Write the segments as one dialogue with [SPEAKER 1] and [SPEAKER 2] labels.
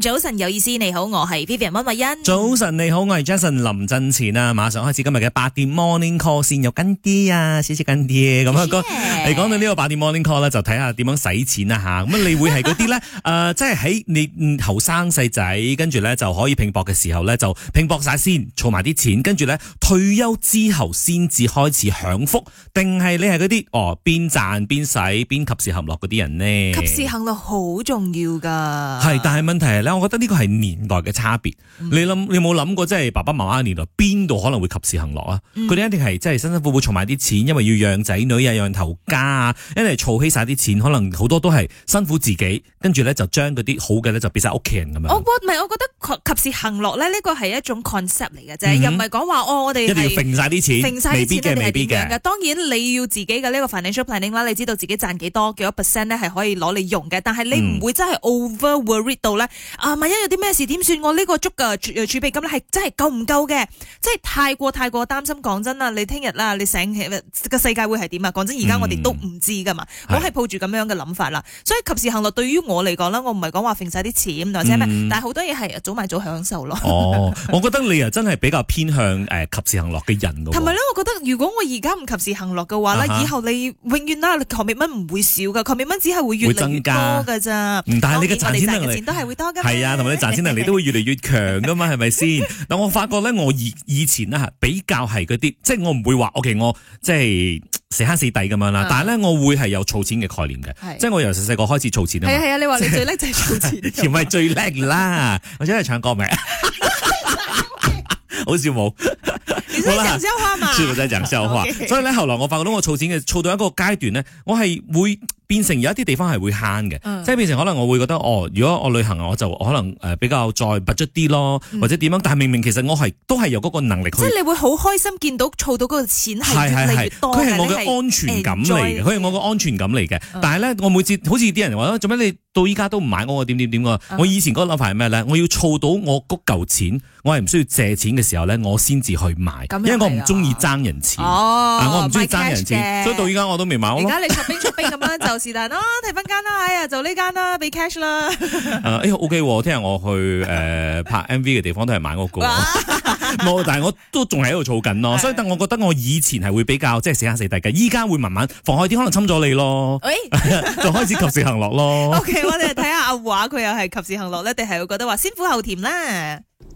[SPEAKER 1] 早晨有意思，你好，我係 Vivian 溫慧欣。
[SPEAKER 2] 早晨你好，我係 Jason 林振前啊！馬上開始今日嘅八點 morning call，先有跟啲啊，少少跟啲咁樣講。你、嗯、講 Yeah. 到呢個八點 morning call 咧，就睇下點樣使錢啊。吓。咁你會係嗰啲咧？誒、 呃，即係喺你後生細仔，跟住咧就可以拼搏嘅時候咧，就拼搏晒先，儲埋啲錢，跟住咧退休之後先至開始享福。定係你係嗰啲哦邊賺邊使邊及時行樂嗰啲人呢？及時
[SPEAKER 1] 行樂好重要噶，
[SPEAKER 2] 係，但係問題係。我覺得呢個係年代嘅差別。嗯、你諗，你有冇諗過，即係爸爸媽媽年代邊度可能會及時行樂啊？佢哋、嗯、一定係即係辛辛苦苦儲埋啲錢，因為要養仔女啊，養頭家啊， 一係儲起晒啲錢，可能好多都係辛苦自己，跟住咧就將嗰啲好嘅咧就俾晒屋企人咁
[SPEAKER 1] 樣。我我唔係，我覺得及及時行樂咧，呢個係一種 concept 嚟嘅啫，嗯、哼又唔係講話我哋一定要揈曬啲錢，揈曬啲錢咧係點樣嘅？當然你要自己嘅呢個 financial planning 啦，你知道自己賺幾多幾多 percent 咧係可以攞嚟用嘅，但係你唔會真係 over worry 到咧。到啊！萬一有啲咩事點算？我呢個足嘅儲儲備金咧，係真係夠唔夠嘅？真係太過太過擔心。講真啦，你聽日啦，你醒起個世界會係點啊？講真，而家我哋都唔知㗎嘛。嗯、我係抱住咁樣嘅諗法啦。的所以及時行樂對於我嚟講咧，我唔係講話揈曬啲錢，或者咩？嗯、但係好多嘢係早買早享受咯。我
[SPEAKER 2] 覺得你啊，真係比較偏向誒及時行樂嘅人。同埋咧，
[SPEAKER 1] 我覺得如果我而家唔及時行樂嘅話咧，以後你永遠啦、啊，求滅蚊唔會少㗎，求滅蚊只係會越嚟越多㗎咋。唔，但係你嘅錢都係會多。係啊，同埋你賺錢
[SPEAKER 2] 能力都會越嚟越強噶嘛，係咪先？嗱， 我發覺咧，我以以前咧比較係嗰啲，即係我唔會話，OK，我即係死慳死抵咁樣啦。但係咧，我會係有儲錢嘅概念嘅，嗯、即係我由細細個開始儲錢。係啊，係啊，你話你最叻就係儲錢而，唔係 最叻啦。 我真係唱歌名，好笑冇。 好啦，全部都係燃，所以咧，後來我發覺到我儲錢嘅儲到一個階段呢，我係會變成有一啲地方係會慳嘅，uh, 即係變成可能我會覺得哦，如果我旅行我就可能比較再拔 u 啲咯，或者點樣，mm hmm. 但係明明其實我係都係有嗰個能力去。即係
[SPEAKER 1] 你會好開心見到儲到嗰個錢係多，佢係我嘅安全感嚟嘅，
[SPEAKER 2] 佢係、uh, 再我嘅安全感嚟嘅。Uh, 但係呢，我每次好似啲人話做咩你到依家都唔買我啊？點點點啊？我以前嗰個諗法係咩呢？我要儲到我嗰嚿錢，我係唔需要借錢嘅時候呢，我先至去買。因為我唔中意爭人錢，我唔中意爭人錢，所以到依家我都未買屋。而家你出
[SPEAKER 1] 兵出兵咁樣，就是但咯，睇翻間啦，哎呀，就呢間啦，俾 cash 啦。
[SPEAKER 2] 誒，哎呀，O K，聽日我去誒拍 M V 嘅地方都係買屋個。冇，但係我都仲係喺度儲緊咯，所以但我覺得我以前係會比較即係死慳死抵嘅，依家會慢慢放開啲，可能侵咗你咯。
[SPEAKER 1] 誒，就開始及時行
[SPEAKER 2] 樂咯。O K，我哋睇
[SPEAKER 1] 下阿華佢又係及時行樂咧，定係會覺得話先苦後甜啦？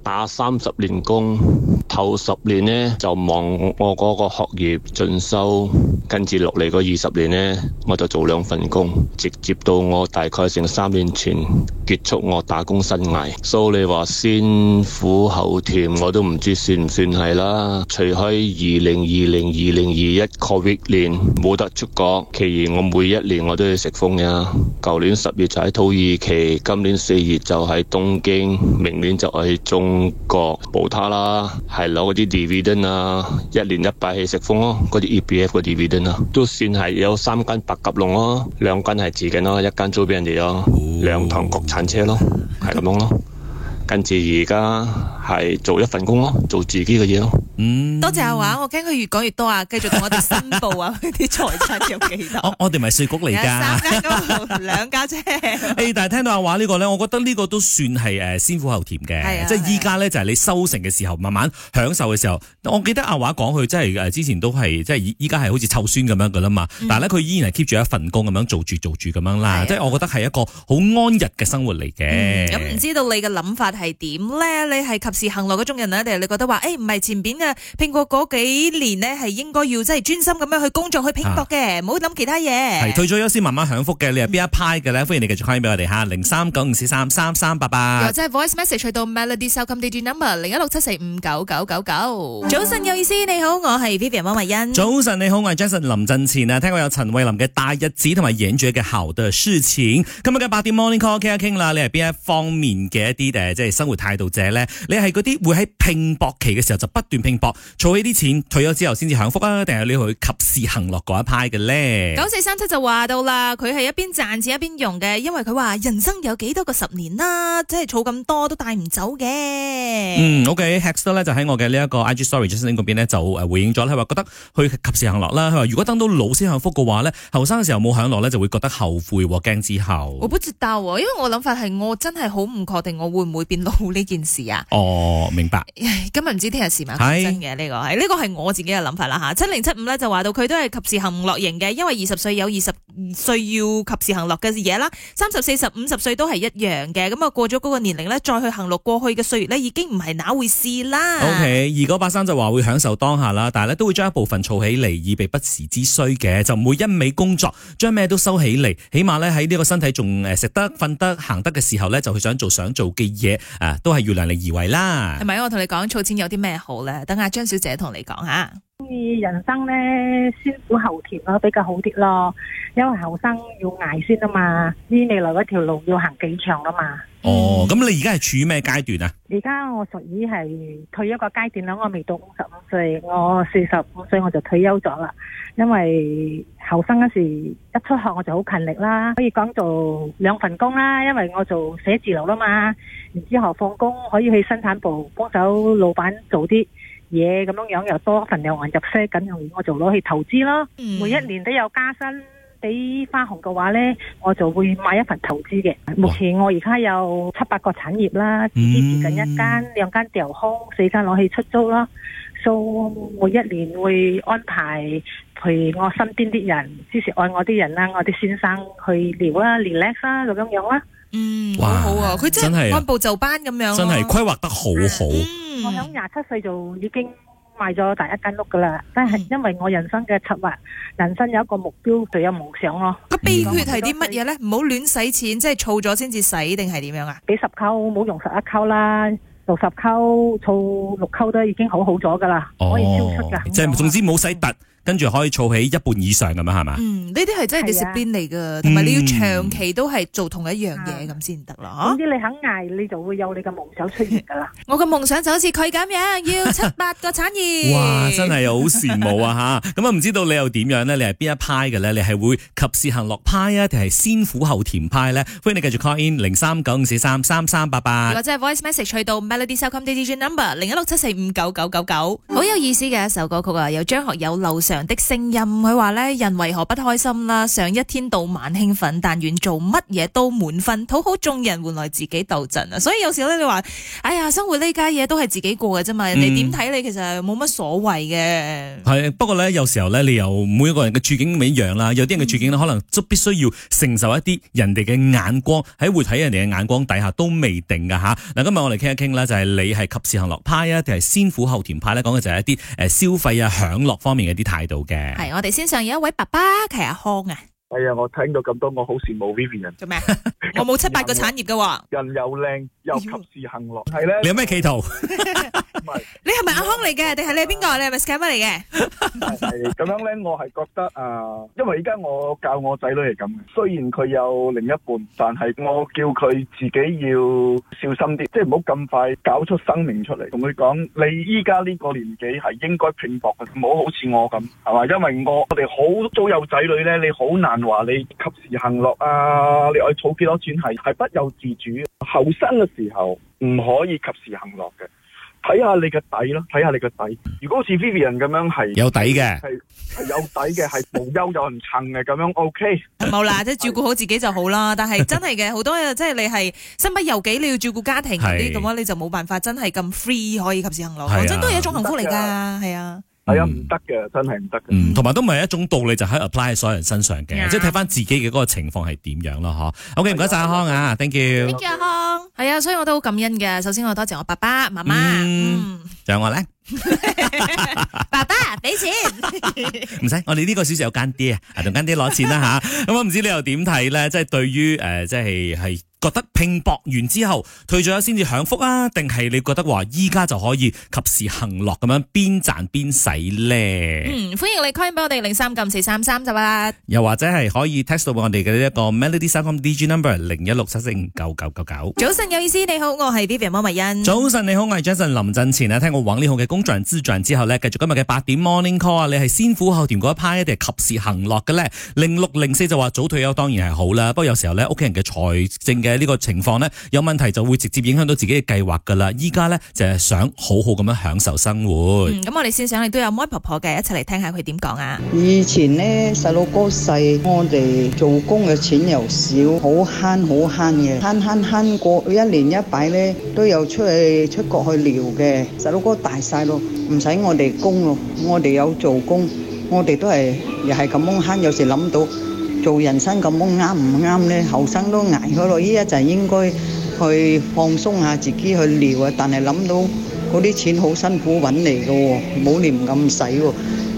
[SPEAKER 2] 打三十年工。頭十年呢，就忙我嗰個學業進修，跟住落嚟嗰二十年呢，我就做兩份工，直接到我大概成三年前結束我打工生涯。蘇、so，你話先苦後甜，我都唔知算唔算係啦。除開二零二零二零二一 COVID 年冇得出國，其餘我每一年我都要食風嘅。舊年十月就喺土耳其，今年四月就喺東京，明年就去中國補他啦。係攞嗰啲 dividend 啊，一年一百起食風啊，嗰啲 EPF 嗰 dividend 啊，都算係有三間白鴿籠咯，兩間係自己咯，一間租俾人哋咯，哦、兩台國產車咯，係咁、嗯、樣咯。跟住而家係做一份工咯，做自己嘅嘢咯。嗯，多
[SPEAKER 1] 謝阿華，我驚佢越講越多啊！繼續同我哋申報啊，啲財 產有
[SPEAKER 2] 幾多？我我哋咪稅局嚟噶。三家都
[SPEAKER 1] 兩家啫。
[SPEAKER 2] hey, 但係聽到阿華呢個咧，我覺得呢個都算係誒先苦後甜嘅，係啊，即係依家咧就係你收成嘅時候，慢慢享受嘅時候。我記得阿華講佢真係之前都係即係依家係好似湊孫咁樣噶啦嘛。但係咧，佢依然係 keep 住一份工咁樣做住做住咁樣啦。即係、啊、我覺得係一個好安逸嘅生活嚟嘅。咁唔、 嗯、
[SPEAKER 1] 知道你嘅諗法？係點咧？你係及時行樂嗰種人啊，定係你覺得話誒，唔係前邊嘅拼搏嗰幾年咧，係應該要即係專心咁樣去工作去拼搏嘅，唔好諗其他嘢。係退咗
[SPEAKER 2] 休先慢慢享福嘅。你係邊一派嘅咧？歡迎你繼續開俾我哋吓，零三九五四三三三八八，或
[SPEAKER 1] 者 voice message 去到 melody 收音機段 number 零一六七四五九九九九。早晨有意思，你好，我係 Vivian 汪慧欣。早
[SPEAKER 2] 晨你好，我係 Jason 林振前啊。聽過有陳慧琳嘅《大日子》同埋《演着嘅好的事情》。今日嘅八點 morning call 傾一傾啦，你係邊一方面嘅一啲誒，即係。生活態度者咧，你係嗰啲會喺拼搏期嘅時候就不斷拼搏，儲起啲錢，退咗之後先至享福啊？定係你去及時行樂嗰一派嘅咧？九四
[SPEAKER 1] 三七就話到啦，佢係一邊賺錢一邊用嘅，因為佢話人生有幾多個十年啦、啊，即係儲咁多都帶唔走嘅。嗯
[SPEAKER 2] ，OK，Hex、okay，咧、er、就喺我嘅呢一個 IG Story r 更新嗰邊咧就回應咗，佢話覺得去及時行樂啦。佢話如果等到老先享福嘅話呢，後生嘅時候冇享樂呢，就會覺得後悔喎，驚之後。
[SPEAKER 1] 我不知道啊，因為我諗法係我真係好唔確定我會唔會變呢件事
[SPEAKER 2] 啊，哦，明白。
[SPEAKER 1] 今日唔知聽日事，嘛，真嘅呢個係呢個係我自己嘅諗法啦吓。七零七五咧就話到佢都係及時行樂型嘅，因為二十歲有二十歲要及時行樂嘅嘢啦，三十四十五十歲都係一樣嘅。咁啊過咗嗰個年齡咧，再去行樂過去嘅歲月咧，已經唔係那回事啦。OK，
[SPEAKER 2] 二哥八三就話會享受當下啦，但係咧都會將一部分儲起嚟，以備不時之需嘅，就唔會一味工作，將咩都收起嚟，起碼咧喺呢個身體仲誒食得、瞓得、行得嘅時候咧，就去想做想做嘅嘢。啊，都係要量力而為啦。係
[SPEAKER 1] 咪？ 我同你講儲錢有啲咩好咧？等阿張小姐同你講
[SPEAKER 3] 下。中意 人生咧先苦後甜咯，比較好啲咯。因為後生要挨先啊嘛，知未來嗰條路要行幾長啊嘛。
[SPEAKER 2] 哦，咁你而家係處於咩階段啊？
[SPEAKER 3] 而家我屬於係退一個階段啦，我未到五十五歲，我四十五歲我就退休咗啦。因為後生嗰時一出學我就好勤力啦，可以講做兩份工啦。因為我做寫字樓啦嘛，之後放工可以去生產部幫手老闆做啲嘢咁樣樣，又多份又還入息，咁然後我就攞去投資咯。每一年都有加薪，俾花紅嘅話呢，我就會買一份投資嘅。目前我而家有七八個產業啦，自己接近一間、嗯、兩間掉空，四間攞去出租啦。所、so, 以每一年會安排陪我身邊啲人，支持愛我啲人啦，我啲先生去聊啦、聊叻啦咁樣樣啦。嗯，
[SPEAKER 2] 好好啊，佢哇真係是按
[SPEAKER 3] 部就班咁樣、啊，真係規
[SPEAKER 2] 劃得好好。
[SPEAKER 3] 嗯、我響廿七歲就已經。賣咗第一間屋噶啦，但係因為我人生嘅策略，人生有一個目標就有夢想咯。個、嗯、秘訣係啲
[SPEAKER 1] 乜嘢咧？唔好亂使錢，即係儲咗先至使定係點樣啊？
[SPEAKER 3] 幾十扣，冇用十一扣啦，六十扣，儲六扣都已經好好咗噶啦，哦、可以超出噶。即係、
[SPEAKER 2] 哦、總之冇使突。嗯跟住可以儲起一半以上咁樣，係嘛？嗯，
[SPEAKER 3] 呢啲係真係你食邊
[SPEAKER 1] 嚟噶，同埋你要長期都係做同一樣嘢咁先得啦。咁啲你肯捱，你就會有你嘅夢想出現噶啦。我嘅夢想就好似佢咁樣，要七八個產業。哇，
[SPEAKER 2] 真係好羨慕啊嚇！咁啊，唔知道你又點樣咧？你係邊一派嘅咧？你係會及時行樂派啊，定係先苦後甜派咧？歡迎你繼續 call in 零三九五四三三三八八，或
[SPEAKER 1] 者係 voice message 去到 melody soundcom Digi number 零一六七四五九九九九，好有意思嘅一首歌曲啊，有張學友、劉翔。的聲音佢話咧，人為何不開心啦？上一天到晚興奮，但願做乜嘢都滿分，討好眾人換來自己斗陣啊！所以有時候咧，你話哎呀，生活呢家嘢都係自己過嘅啫嘛。你點睇？你其實冇乜所謂嘅。
[SPEAKER 2] 係、嗯、不過咧，有時候咧，你由每一個人嘅處境唔一樣啦。有啲人嘅處境可能都必須要承受一啲人哋嘅眼光，喺會睇人哋嘅眼光底下都未定噶吓。嗱，今日我嚟傾一傾啦，就係、是、你係及時行樂派啊，定係先苦後甜派咧？講嘅就係一啲誒消費啊享樂方面嘅一啲態。到嘅
[SPEAKER 1] 係我哋線上有一位爸爸，係阿康啊。係啊！我聽到咁多，我好羨慕 Vivian 做咩？我冇七八個產業噶。人又靚又及
[SPEAKER 3] 時行樂，係咧。你
[SPEAKER 2] 有咩企圖？唔係
[SPEAKER 1] 你係咪阿康嚟嘅？定係你係邊個？你係咪 Skyman 嚟
[SPEAKER 3] 嘅？係咁樣咧，我係覺得啊，因為而家我教我仔女係咁嘅。雖然佢有另一半，但係我叫佢自己要小心啲，即係唔好咁快搞出生命出嚟。同佢講，你依家呢個年紀係應該拼搏嘅，唔好好似我咁係嘛。因為我我哋好早有仔女咧，你好難。話你及時行樂啊！你可以儲幾多錢係係不由自主，後生嘅時候唔可以及時行樂嘅。睇下你嘅底咯，睇下你嘅底。如果好似 Vivian 咁樣係有底嘅，係有底嘅，係無憂有人撐嘅咁樣。OK，
[SPEAKER 1] 冇啦，即係照顧好自己就好啦。但係真係嘅，好 多嘢即係你係身不由己，你要照顧家庭啲咁啊，是你就冇辦法真係咁 free 可以及時行樂。啊、真都係一種幸福嚟噶，係的啊。
[SPEAKER 2] 係啊，唔得嘅，真係唔得嘅。同埋都唔係一種道理，就喺 apply 喺所有人身上嘅，的即係睇翻自己嘅嗰個情況係點樣咯，嗬。OK，唔該晒阿康啊的，Thank you，Thank
[SPEAKER 1] you，阿康。係啊，所以我都好感恩嘅。首先我多謝我爸爸媽媽。嗯，
[SPEAKER 2] 仲、嗯、有我咧。
[SPEAKER 1] 爸爸俾錢。
[SPEAKER 2] 唔 使， 我哋呢個小時有乾爹啊，同乾爹攞錢啦吓。咁我唔知你又點睇咧？即係對於誒，即係係。覺得拼搏完之後退咗先至享福啊？定係你覺得話依家就可以及時行樂咁樣邊賺邊使咧？嗯，
[SPEAKER 1] 歡迎你 call 翻我哋零三九四三三就話，
[SPEAKER 2] 又或者係可以 text 到我哋嘅一個 melody sound from DJ number 零一六七四九九九九。
[SPEAKER 1] 早晨有意思，你好，我係 Vivian 摩蜜欣。早
[SPEAKER 2] 晨你好，我係 Jason 林振前啊。聽我玩呢套嘅工作人志傳之後呢，繼續今日嘅八點 morning call 啊。你係先苦後甜嗰一派一定係及時行樂嘅咧？零六零四就話早退休當然係好啦，不過有時候咧屋企人嘅財政嘅。呢個情況呢，有問題就會直接影響到自己嘅計劃噶啦。依家呢，就係、是、想好好咁樣享受生活。嗯，
[SPEAKER 1] 咁我哋線上，你都有妹婆婆嘅，一齊嚟聽下佢點講啊。
[SPEAKER 3] 以前呢，細佬哥細，我哋做工嘅錢又少，好慳好慳嘅，慳慳慳，過一年一擺呢，都有出去出國去聊嘅。細佬哥大曬咯，唔使我哋工咯，我哋有做工，我哋都係又係咁慳慳，有時諗到。做人生咁懵啱唔啱呢？後生都捱咗咯。呢一陣應該去放鬆下自己，去聊啊。但係諗到嗰啲錢好辛苦揾嚟㗎喎，冇念咁使喎。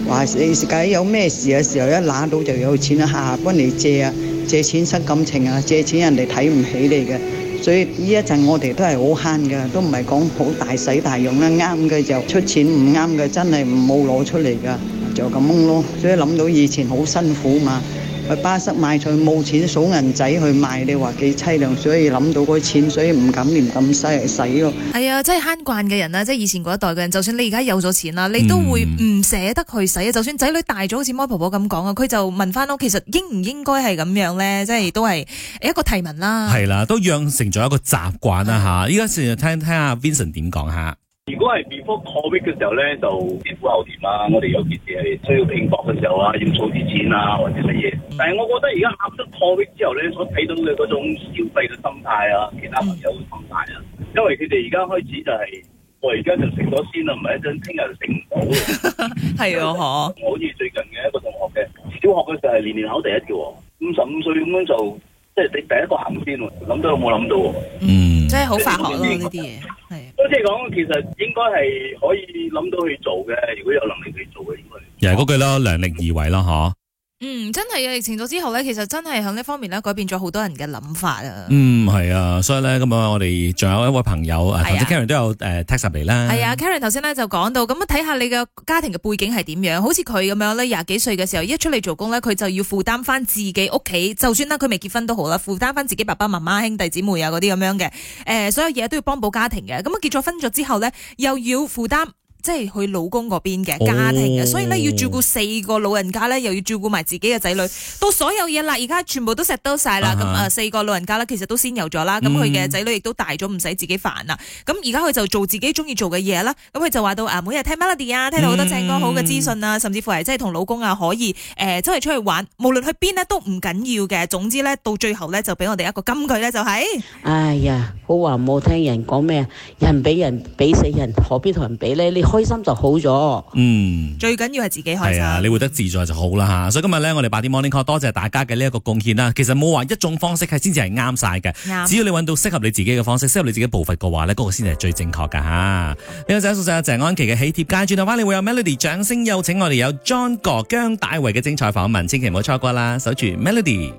[SPEAKER 3] 話你而家有咩事嘅時候，一揦到就有錢啊，下下幫你借啊。借錢失感情啊，借錢人哋睇唔起你嘅。所以呢一陣我哋都係好慳嘅，都唔係講好大使大用啦。啱嘅就出錢，唔啱嘅真係冇攞出嚟噶，就咁懵咯。所以諗到以前好辛苦嘛。去巴塞買菜冇錢數銀仔去買，你話幾凄涼？所以諗到嗰啲錢，所以唔敢念咁犀嚟使咯。
[SPEAKER 1] 係啊，即係慳慣嘅人啊。即係以前嗰一代嘅人，就算你而家有咗錢啦，你都會唔捨得去使啊。嗯、就算仔女大咗，好似摩婆婆咁講啊，佢就問翻我，其實應唔應該係咁樣咧？即係都係一個提問啦。係
[SPEAKER 2] 啦、啊，都養成咗一個習慣啦、啊、嚇。依家先聽聽阿 Vincent 點講嚇。如果係 before Covid 嘅時候咧，就皮膚好掂啊！我哋尤其是係需要拼搏嘅時候啊，要儲啲錢啊，或者乜嘢。但係我覺得而家 after Covid 之後咧，你所睇到嘅嗰種消費嘅心態啊，其他朋友嘅心態啊，
[SPEAKER 3] 因為佢哋而家開始就係、是、我而家就食咗先啦，唔係一陣聽日就食唔到。係啊，嗬、啊 啊就是！我好似最近嘅一個同學嘅，小學嘅時候係年年考第一嘅、啊，五十五歲咁樣就即係你第一個先行先、啊，諗都有冇諗到、啊。嗯，
[SPEAKER 1] 真係好化學咯，
[SPEAKER 3] 啲嘢。即係講，其實應該係
[SPEAKER 2] 可以諗到去做嘅。如果有能力去做嘅，應該又係嗰句啦，量力而為啦，吓。
[SPEAKER 1] 嗯，真係啊！疫情咗之後咧，其實真係向呢方面咧改變咗好多人嘅諗法啊。嗯，
[SPEAKER 2] 係啊，所以咧咁啊，我哋仲有一位朋友誒，頭先 Karen 都有誒 take 上嚟啦。係
[SPEAKER 1] 啊，Karen 頭先咧就講到，咁啊睇下你嘅家庭嘅背景係點樣，好似佢咁樣咧，廿幾歲嘅時候一出嚟做工咧，佢就要負擔翻自己屋企，就算啦佢未結婚都好啦，負擔翻自己爸爸媽媽兄弟姊妹啊嗰啲咁樣嘅，誒所有嘢都要幫補家庭嘅。咁啊結咗婚咗之後咧，又要負擔。即係佢老公嗰邊嘅家庭，嘅，oh. 所以呢，要照顧四個老人家呢，又要照顧埋自己嘅仔女，到所有嘢啦，而家全部都食得晒啦。咁啊、uh，huh. 四個老人家呢，其實都先有咗啦。咁佢嘅仔女亦都大咗，唔使自己煩啦。咁而家佢就做自己中意做嘅嘢啦。咁佢就話到啊，每日聽 melody 啊，聽到好多正歌好嘅資訊啊，uh huh. 甚至乎係即係同老公啊，可以誒，即、呃、係出去玩，無論去邊呢，都唔緊要嘅。總之呢，到最後呢，就俾我哋一個金句呢、就是，
[SPEAKER 3] 就係，哎呀，好話唔好聽，人講咩啊，人比人比死人，何必同人比呢？」呢開
[SPEAKER 2] 心就好咗，嗯，
[SPEAKER 3] 最
[SPEAKER 1] 緊要係自己開心。係啊，
[SPEAKER 2] 你會得自在就好啦吓。所以今日咧，我哋八點 morning call，多謝大家嘅呢一個貢獻啦。其實冇話一種方式係先至係啱晒嘅，的只要你揾到適合你自己嘅方式，適合你自己步伐嘅話呢嗰、嗰個先係最正確噶吓。呢位仔，多謝謝安琪嘅喜帖街，轉頭嘅話，你會有 Melody 掌聲，有請我哋有 John 哥姜大衛嘅精彩訪問，千祈唔好錯過啦，守住 Melody。